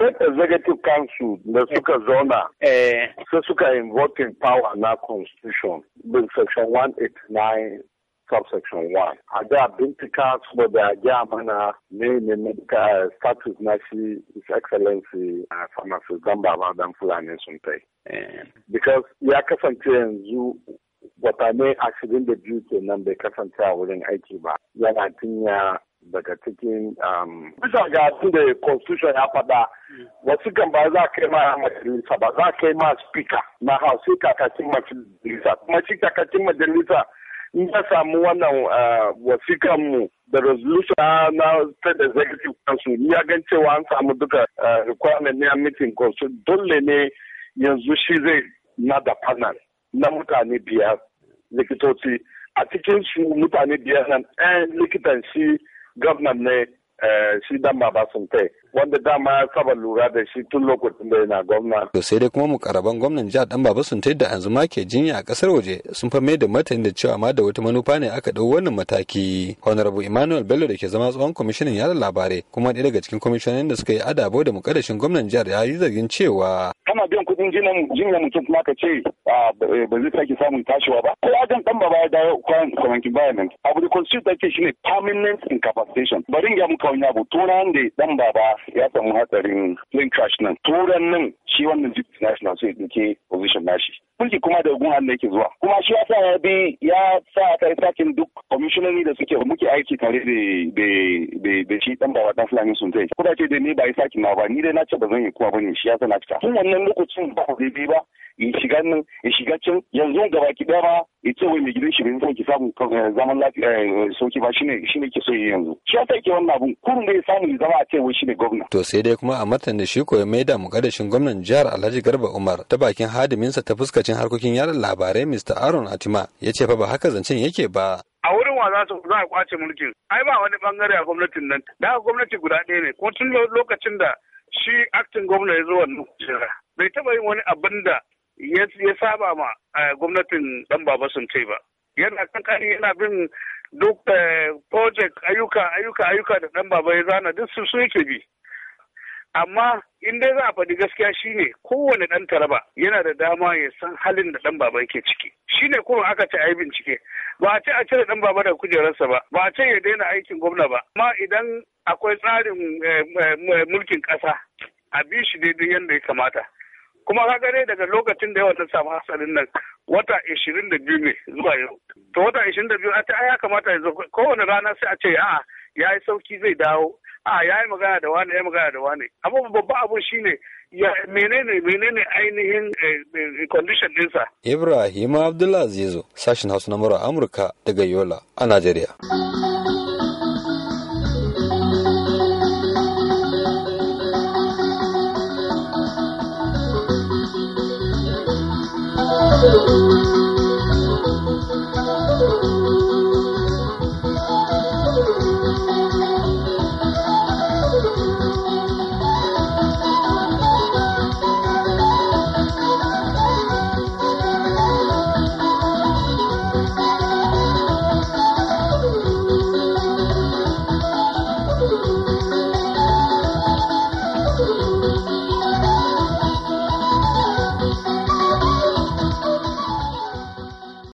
state executive council da suka eh. zauna eh. sai suka invoking power na constitution bin section 189 subsection 1 a da bincika saboda a gya mana ne ne medical eh, status na shi his excellency a pharmacist don ba dan fulani sun kai because ya kasance yanzu watanni ashirin da biyu kenan bai kasance a wurin aiki ba yana tinya daga cikin bisa um, ga da constitution ya fada wasu kan ba za kai ma majalisa ba za kai ma speaker na house kakakin majalisa kuma shi kakakin majalisa in ya samu wannan uh, wasikan mu da resolution na state executive council ya gan cewa an samu duka uh, requirement na meeting council dole ne yanzu shi zai na da panel na mutane biyar likitoci a cikin su mutane biyar nan ɗayan eh, likitan shi gwamnan ne eh, shi dan baba sun kai wanda dama ya saba lura da shi tun lokacin da yana gwamna. To sai dai kuma mukarraban gwamnan jihar dan baba sun da yanzu ma ke jinya a kasar waje sun fa mai da martani da cewa ma da wata manufa ne aka dau wannan mataki. Honorable Emmanuel Bello da ke zama tsohon kwamishinan yada labarai kuma ɗaya daga cikin kwamishinan da suka yi adabo da mukaddashin gwamnan jihar ya yi zargin cewa. Kana biyan kuɗin jinya mutum kuma ka ce ah, Eh, ba zai sake samun tashiwa ba ko ajan dan baba ya dawo kwan economic environment abu da constitution take shine permanent incapacitation bari mun muka wani abu turan da dan baba ya samu hatsarin plane crash nan turan nan shi wannan jip national sai dake position nashi mulki kuma da gun Allah yake zuwa kuma shi ya sa ya bi ya sa aka sakin duk kwamishinoni da suke muke aiki tare da shi dan bawa dan fulani sun zai kuma ce da ni ba yi sakin na ba ni dai na ce ba zan yi kuma bane shi ya sa na fita tun wannan lokacin ba ku bi ba in shiga nan in shiga can yanzu gaba ki da ma ya ce wai mai gidan shi bai so ki samu eh, zaman lafiya eh, sauki ba shine shine ke so yanzu shi ya sa yake wannan abun kurun da ya samu ya zama a ce wai shine gwamna to sai dai kuma a martan da shi koyi maida mukaddashin gwamnan jihar Alhaji Garba Umar ta bakin hadiminsa ta fuskaci ma'aikacin harkokin yaran labarai Mr. Aaron Atima ya ce fa ba haka zancen yake ba. A wurin wa za su za a kwace mulkin. Ai ba wani bangare a gwamnatin nan. Da gwamnati guda ɗaya ne. Ko tun lokacin da shi aktin gwamna ya zo wannan Bai taɓa yin wani abin da ya saba ma gwamnatin ɗan baba sun ce ba. Yana kankani yana bin duk eh, project ayyuka ayyuka ayyuka da ɗan baba ya zana duk su yake bi. amma in dai za a faɗi gaskiya shine kowane ɗan taraba yana da dama ya san halin da ɗan baba yake ciki Shi ne kuma aka ce ai bincike ba a ce a cire ɗan baba daga kujerarsa ba ba a ce ya daina aikin gwamna ba amma idan akwai tsarin eh, eh, eh, mulkin ƙasa a bi shi daidai yadda ya kamata kuma ka gane daga lokacin da yawan ta samu hasarin nan wata ashirin da biyu ne zuwa yau to wata ashirin da biyu a ta ya kamata ya zo kowane rana sai a ce a'a ya yi sauki zai dawo a ya yi magana da wane ya magana da wane amma babban abu shine ya menene menene ainihin eh, condition dinsa Ibrahim Abdullah sashin Hausa na mura Amurka daga Yola a Najeriya Thank you.